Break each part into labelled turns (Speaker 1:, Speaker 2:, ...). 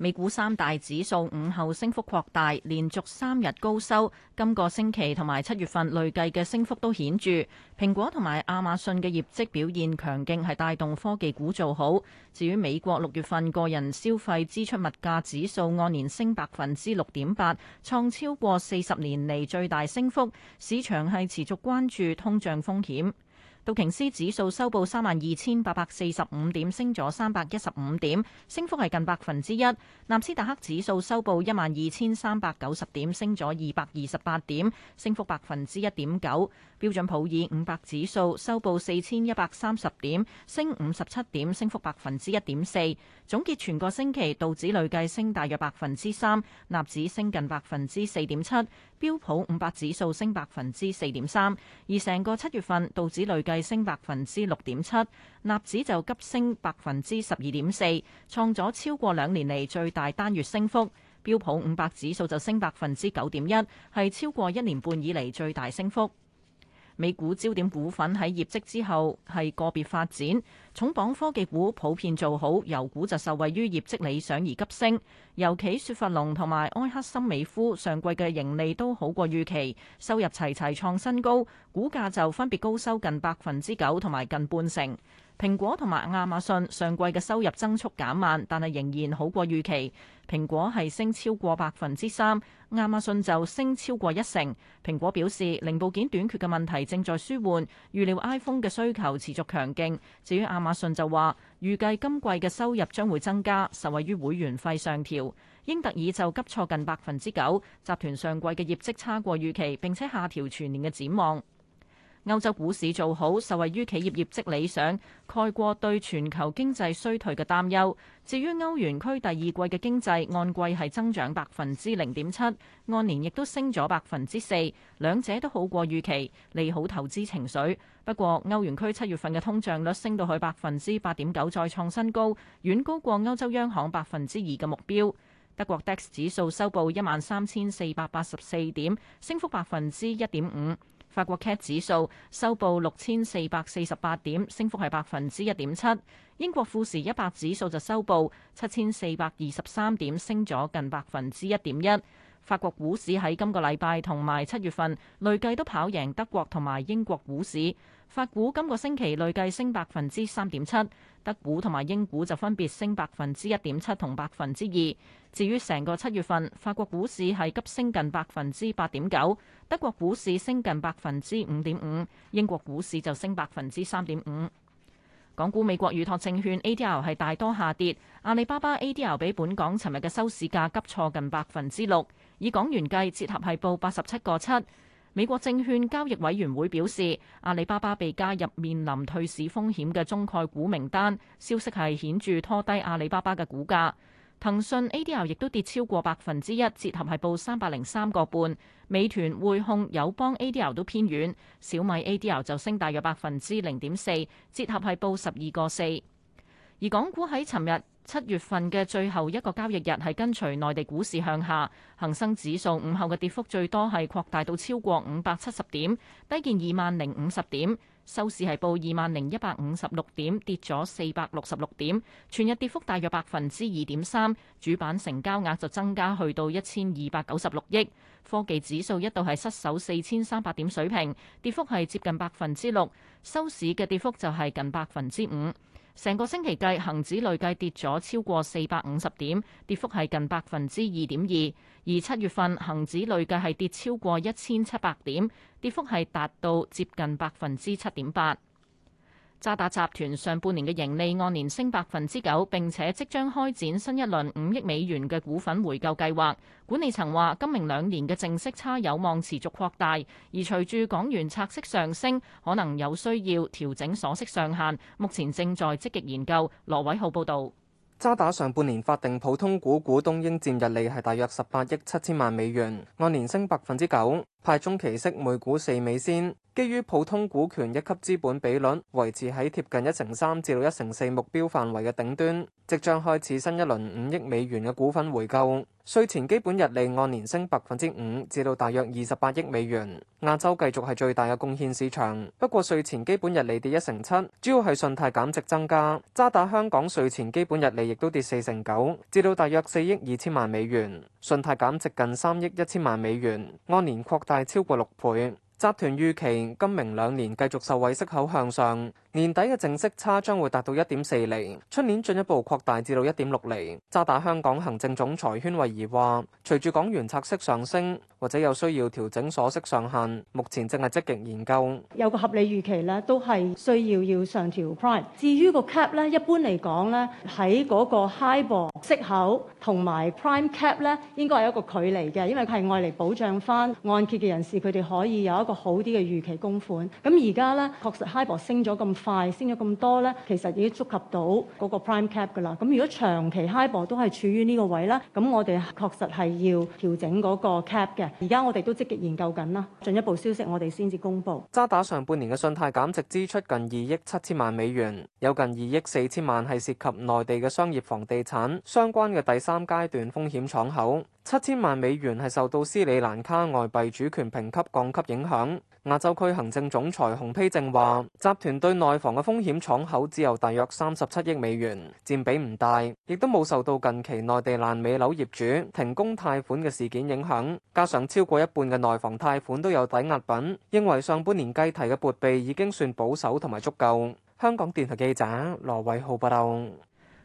Speaker 1: 美股三大指數午後升幅擴大，連續三日高收。今個星期同埋七月份累計嘅升幅都顯著。蘋果同埋亞馬遜嘅業績表現強勁，係帶動科技股做好。至於美國六月份個人消費支出物價指數按年升百分之六點八，創超過四十年嚟最大升幅。市場係持續關注通脹風險。道瓊斯指數收報三萬二千八百四十五點，升咗三百一十五點，升幅係近百分之一。納斯達克指數收報一萬二千三百九十點，升咗二百二十八點，升幅百分之一點九。標準普爾五百指數收報四千一百三十點，升五十七點，升幅百分之一點四。總結全個星期，道指累計升大約百分之三，納指升近百分之四點七，標普五百指數升百分之四點三。而成個七月份，道指累計升百分之六點七，納指就急升百分之十二點四，創咗超過兩年嚟最大單月升幅。標普五百指數就升百分之九點一，係超過一年半以嚟最大升幅。美股焦點股份喺業績之後係個別發展，重磅科技股普遍做好，油股就受惠於業績理想而急升。尤其雪佛龍同埋埃克森美孚上季嘅盈利都好過預期，收入齊齊創新高，股價就分別高收近百分之九同埋近半成。蘋果同埋亞馬遜上季嘅收入增速減慢，但係仍然好過預期。蘋果係升超過百分之三，亞馬遜就升超過一成。蘋果表示，零部件短缺嘅問題正在舒緩，預料 iPhone 嘅需求持續強勁。至於亞馬遜就話，預計今季嘅收入將會增加，受惠於會員費上調。英特爾就急挫近百分之九，集團上季嘅業績差過預期，並且下調全年嘅展望。歐洲股市做好，受惠於企業業績理想，蓋過對全球經濟衰退嘅擔憂。至於歐元區第二季嘅經濟，按季係增長百分之零點七，按年亦都升咗百分之四，兩者都好過預期，利好投資情緒。不過，歐元區七月份嘅通脹率升到去百分之八點九，再創新高，遠高過歐洲央行百分之二嘅目標。德國 DAX 指數收報一萬三千四百八十四點，升幅百分之一點五。法國 CAC 指數收報六千四百四十八點，升幅係百分之一點七。英國富時一百指數就收報七千四百二十三點，升咗近百分之一點一。法國股市喺今個禮拜同埋七月份累計都跑贏德國同埋英國股市。法股今個星期累計升百分之三點七，德股同埋英股就分別升百分之一點七同百分之二。至於成個七月份，法國股市係急升近百分之八點九，德國股市升近百分之五點五，英國股市就升百分之三點五。港股美國預託證券 ADR 係大多下跌，阿里巴巴 ADR 比本港尋日嘅收市價急挫近百分之六。以港元計，折合係報八十七個七。美國證券交易委員會表示，阿里巴巴被加入面臨退市風險嘅中概股名單，消息係顯著拖低阿里巴巴嘅股價。騰訊 ADR 亦都跌超過百分之一，折合係報三百零三個半。美團匯控友邦 ADR 都偏軟，小米 ADR 就升大約百分之零點四，折合係報十二個四。而港股喺尋日七月份嘅最後一個交易日係跟隨內地股市向下，恒生指數午後嘅跌幅最多係擴大到超過五百七十點，低見二萬零五十點，收市係報二萬零一百五十六點，跌咗四百六十六點，全日跌幅大約百分之二點三，主板成交額就增加去到一千二百九十六億，科技指數一度係失守四千三百點水平，跌幅係接近百分之六，收市嘅跌幅就係近百分之五。成個星期計恒指累計跌咗超過四百五十點，跌幅係近百分之二點二。而七月份恒指累計係跌超過一千七百點，跌幅係達到接近百分之七點八。渣打集團上半年嘅盈利按年升百分之九，並且即將開展新一輪五億美元嘅股份回購計劃。管理層話今明兩年嘅淨息差有望持續擴大，而隨住港元拆息上升，可能有需要調整鎖息上限，目前正在積極研究。羅偉浩報導。
Speaker 2: 渣打上半年法定普通股股東應佔溢利係大約十八億七千萬美元，按年升百分之九。派中期息每股四美仙，基於普通股權一級資本比率維持喺貼近一成三至到一成四目標範圍嘅頂端，即將開始新一輪五億美元嘅股份回購。稅前基本溢利按年升百分之五，至到大約二十八億美元。亞洲繼續係最大嘅貢獻市場，不過稅前基本溢利跌一成七，主要係信貸減值增加。渣打香港稅前基本溢利亦都跌四成九，至到大約四億二千萬美元，信貸減值近三億一千萬美元，按年擴。大超過六倍，集團預期今明兩年繼續受惠息口向上。年底嘅淨息差將會達到一點四釐，出年進一步擴大至到一點六釐。渣打香港行政總裁禤惠儀話：隨住港元拆息上升，或者有需要調整鎖息上限，目前正係積極研究。
Speaker 1: 有個合理預期呢，都係需要要上調 prime。至於個 cap 咧，一般嚟講咧，喺嗰個 hybrid 息口同埋 prime cap 咧，應該係一個距離嘅，因為佢係外嚟保障翻按揭嘅人士，佢哋可以有一個好啲嘅預期供款。咁而家咧，確實 hybrid 升咗咁快。快升咗咁多咧，其實已經觸及到嗰個 prime cap 噶啦。咁如果長期 HIBOR 都係處於呢個位啦，咁我哋確實係要調整嗰個 cap 嘅。而家我哋都積極研究緊啦，進一步消息我哋先至公布。
Speaker 2: 渣打上半年嘅信貸減值支出近二億七千萬美元，有近二億四千萬係涉及內地嘅商業房地產相關嘅第三階段風險敞口，七千萬美元係受到斯里蘭卡外幣主權評級降級影響。亞洲區行政總裁洪丕正話：集團對內內房嘅風險敞口只有大約三十七億美元，佔比唔大，亦都冇受到近期內地爛尾樓業主停工貸款嘅事件影響。加上超過一半嘅內房貸款都有抵押品，認為上半年計提嘅撥備已經算保守同埋足夠。香港電台記者羅偉浩報道。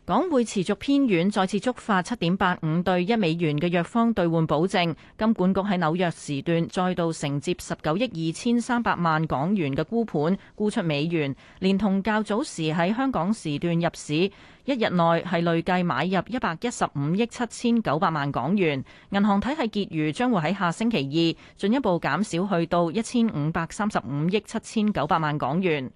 Speaker 2: 港匯持續
Speaker 1: 偏軟，再次觸發七點八五對一美元嘅弱方兌換保證。金管局喺紐約時段再度承接十九億二千三百萬港元嘅沽盤，沽出美元，連同較早時喺香港時段入市，一日內係累計買入一百一十五億七千九百萬港元。銀行體系結餘將會喺下星期二進一步減少去到一千五百三十五億七千九百萬港元。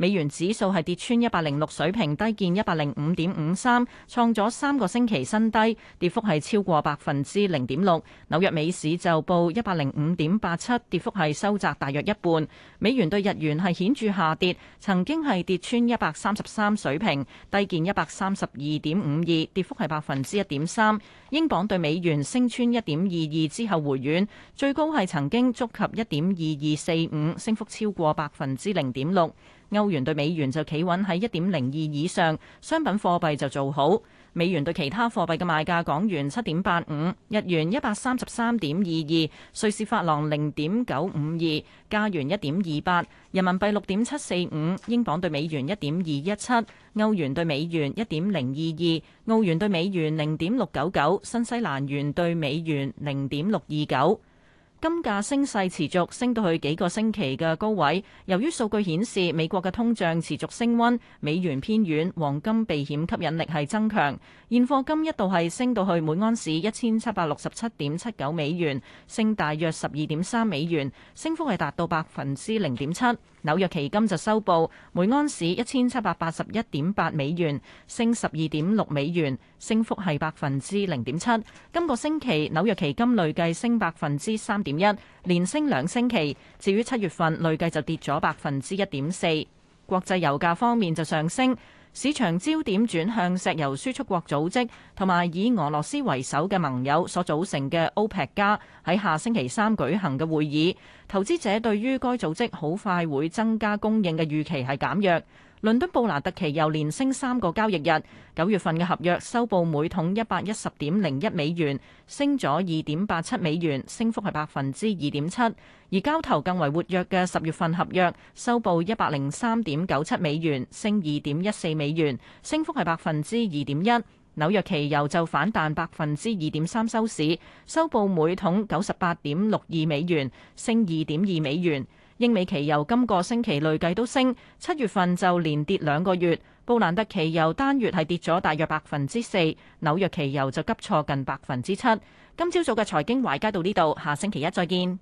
Speaker 1: 美元指數係跌穿一百零六水平，低見一百零五點五三，創咗三個星期新低，跌幅係超過百分之零點六。紐約美市就報一百零五點八七，跌幅係收窄大約一半。美元對日元係顯著下跌，曾經係跌穿一百三十三水平，低見一百三十二點五二，跌幅係百分之一點三。英鎊對美元升穿一點二二之後回軟，最高係曾經觸及一點二二四五，升幅超過百分之零點六。歐元對美元就企穩喺一點零二以上，商品貨幣就做好。美元對其他貨幣嘅賣價：港元七點八五，日元一百三十三點二二，瑞士法郎零點九五二，加元一點二八，人民幣六點七四五，英鎊對美元一點二一七，歐元對美元一點零二二，澳元對美元零點六九九，新西蘭元對美元零點六二九。金價升勢持續，升到去幾個星期嘅高位。由於數據顯示美國嘅通脹持續升溫，美元偏軟，黃金避險吸引力係增強。現貨金一度係升到去每安士一千七百六十七點七九美元，升大約十二點三美元，升幅係達到百分之零點七。紐約期金就收報每安士一千七百八十一點八美元，升十二點六美元，升幅係百分之零點七。今個星期紐約期金累計升百分之三點一，連升兩星期。至於七月份累計就跌咗百分之一點四。國際油價方面就上升。市場焦點轉向石油輸出國組織，同埋以俄羅斯為首嘅盟友所組成嘅 OPEC 加。喺下星期三舉行嘅會議，投資者對於該組織好快會增加供應嘅預期係減弱。倫敦布蘭特期油連升三個交易日，九月份嘅合約收報每桶一百一十點零一美元，升咗二點八七美元，升幅係百分之二點七。而交投更為活躍嘅十月份合約收報一百零三點九七美元，升二點一四美元，升幅係百分之二點一。紐約期油就反彈百分之二點三收市，收報每桶九十八點六二美元，升二點二美元。英美期油今個星期累計都升，七月份就連跌兩個月。布蘭特期油單月係跌咗大約百分之四，紐約期油就急挫近百分之七。今朝早嘅財經華爾街到呢度，下星期一再見。